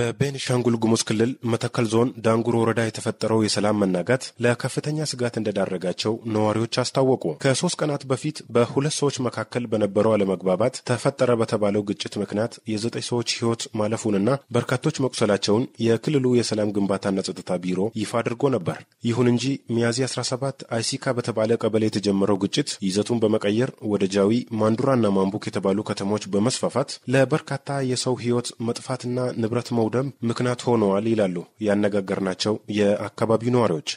በቤኒሻንጉል ጉሙዝ ክልል መተከል ዞን ዳንጉር ወረዳ የተፈጠረው የሰላም መናጋት ለከፍተኛ ስጋት እንደዳረጋቸው ነዋሪዎች አስታወቁ። ከሶስት ቀናት በፊት በሁለት ሰዎች መካከል በነበረው አለመግባባት ተፈጠረ በተባለው ግጭት ምክንያት የዘጠኝ ሰዎች ሕይወት ማለፉንና በርካቶች መቁሰላቸውን የክልሉ የሰላም ግንባታና ጸጥታ ቢሮ ይፋ አድርጎ ነበር። ይሁን እንጂ ሚያዝያ 17 አይሲካ በተባለ ቀበሌ የተጀመረው ግጭት ይዘቱን በመቀየር ወደ ጃዊ፣ ማንዱራና ማንቡክ የተባሉ ከተሞች በመስፋፋት ለበርካታ የሰው ሕይወት መጥፋትና ንብረት መውደ መውደም ምክንያት ሆነዋል ይላሉ ያነጋገርናቸው የአካባቢው ነዋሪዎች።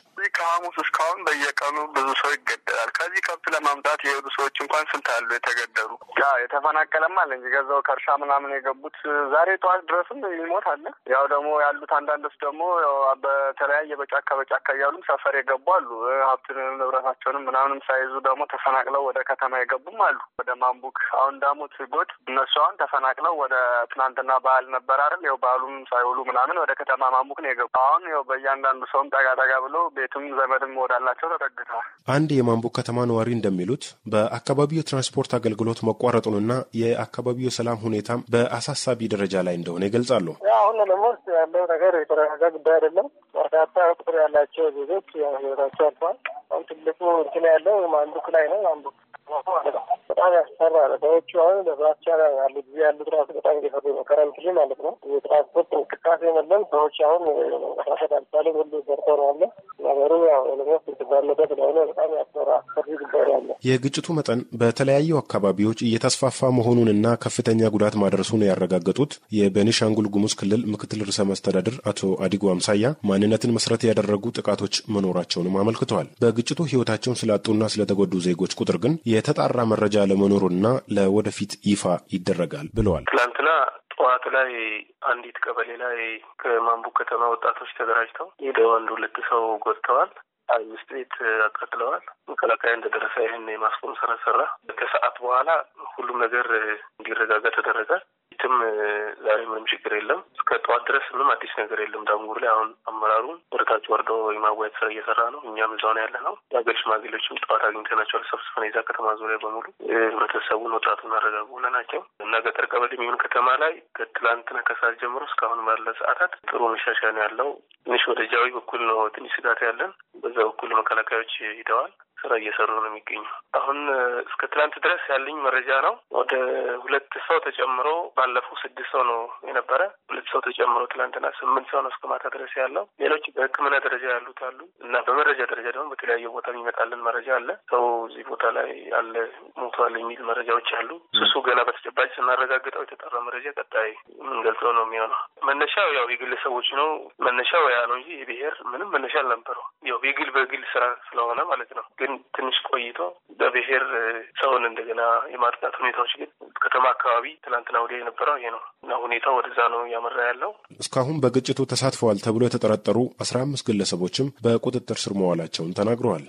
ከሐሙስ እስካሁን በየቀኑ ብዙ ሰው ይገደላል። ከዚህ ከብት ለማምጣት የሄዱ ሰዎች እንኳን ስንት አሉ የተገደሉ? ያ የተፈናቀለም አለ እንጂ ገዛው ከእርሻ ምናምን የገቡት ዛሬ ጠዋት ድረስም የሚሞት አለ። ያው ደግሞ ያሉት አንዳንዶች ደግሞ በተለያየ በጫካ በጫካ እያሉም ሰፈር የገቡ አሉ። ሀብትን ንብረታቸውንም ምናምንም ሳይዙ ደግሞ ተፈናቅለው ወደ ከተማ የገቡም አሉ። ወደ ማንቡክ አሁን ዳሞት ጎድ እነሱ አሁን ተፈናቅለው ወደ ትናንትና በዓል ነበር አይደል? ያው በዓሉም ሳይውሉ ምናምን ወደ ከተማ ማንቡክ ነው የገቡ። አሁን ያው በእያንዳንዱ ሰውም ጠጋ ጠጋ ብሎ ቤቱም ዘመ ዘመድም ወዳላቸው ተጠግተዋል። አንድ የማንቡ ከተማ ነዋሪ እንደሚሉት በአካባቢው የትራንስፖርት አገልግሎት መቋረጡንና የአካባቢው የሰላም ሁኔታም በአሳሳቢ ደረጃ ላይ እንደሆነ ይገልጻሉ። አሁን ደግሞ ያለው ነገር የተረጋጋ ጉዳይ አይደለም። በርካታ ቁጥር ያላቸው ዜጎች ህይወታቸው አልፏል። ትልቁ እንትን ያለው ማንዱክ ላይ ነው። ማንቡክ በጣም ያስፈራል። ሰዎቹ አሁን በፍራቻ ያሉ ጊዜ ያሉት ራሱ በጣም እየፈሩ ነው። ከረምት ማለት ነው የትራንስፖርት እንቅስቃሴ የለም። ሰዎች አሁን መንቀሳቀስ አልቻለም። ሁሉ ዘርተው ነው ያለ ነገሩ የግጭቱ መጠን በተለያዩ አካባቢዎች እየተስፋፋ መሆኑንና ከፍተኛ ጉዳት ማድረሱን ያረጋገጡት የቤኒሻንጉል ጉሙዝ ክልል ምክትል ርዕሰ መስተዳድር አቶ አዲጉ አምሳያ ማንነትን መሰረት ያደረጉ ጥቃቶች መኖራቸውንም አመልክተዋል። በግጭቱ ህይወታቸውን ስላጡና ስለተጎዱ ዜጎች ቁጥር ግን የተጣራ መረጃ ለመኖሩና ለወደፊት ይፋ ይደረጋል ብለዋል። ጥናቱ ላይ አንዲት ቀበሌ ላይ ከማንቡ ከተማ ወጣቶች ተደራጅተው ሄደው አንድ ሁለት ሰው ጎድተዋል። አምስት ቤት አቃጥለዋል። መከላከያ እንደደረሰ ይህን የማስቆም ስራ ሰራ። ከሰዓት በኋላ ሁሉም ነገር እንዲረጋጋ ተደረገ። ትም ዛሬ ምንም ችግር የለም። ከጠዋት ድረስ ምንም አዲስ ነገር የለም። ዳንጉር ላይ አሁን አመራሩ ወደታች ወርዶ የማዋየት ስራ እየሰራ ነው። እኛም እዛው ነው ያለ ነው። የሀገር ሽማግሌዎችም ጠዋት አግኝተናቸዋል። ሰብስበን የዛ ከተማ ዙሪያ በሙሉ ህብረተሰቡን፣ ወጣቱን አረጋጉ ብለናቸው እና ገጠር ቀበሌ የሚሆን ከተማ ላይ ከትላንትና ከሰዓት ጀምሮ እስካሁን ባለ ሰዓታት ጥሩ መሻሻል ያለው ትንሽ ወደ ጃዊ በኩል ነው ትንሽ ስጋት ያለን። በዛ በኩል መከላከያዎች ሂደዋል፣ ስራ እየሰሩ ነው የሚገኙ። አሁን እስከ ትናንት ድረስ ያለኝ መረጃ ነው ወደ ሁለት ሰው ተጨምሮ ባለፈው ስድስት ሰው ነው የነበረ። ሁለት ሰው ተጨምሮ ትናንትና ስምንት ሰው ነው እስከ ማታ ድረስ ያለው። ሌሎች በሕክምና ደረጃ ያሉት አሉ እና በመረጃ ደረጃ ደግሞ በተለያየ ቦታ የሚመጣልን መረጃ አለ። ሰው እዚህ ቦታ ላይ አለ ሞቷል የሚል መረጃዎች አሉ። እሱ ገና በተጨባጭ ስናረጋግጠው የተጠራ መረጃ ቀጣይ የምንገልጸው ነው የሚሆነው። መነሻው ያው የግለሰቦች ነው መነሻው መጀመሪያ ነው እንጂ የብሔር ምንም መነሻ አልነበረው። ያው የግል በግል ስራ ስለሆነ ማለት ነው። ግን ትንሽ ቆይቶ በብሔር ሰውን እንደገና የማጥቃት ሁኔታዎች ግን ከተማ አካባቢ ትላንትና ወዲያ የነበረው ይሄ ነው እና ሁኔታው ወደዛ ነው እያመራ ያለው። እስካሁን በግጭቱ ተሳትፈዋል ተብሎ የተጠረጠሩ አስራ አምስት ግለሰቦችም በቁጥጥር ስር መዋላቸውን ተናግረዋል።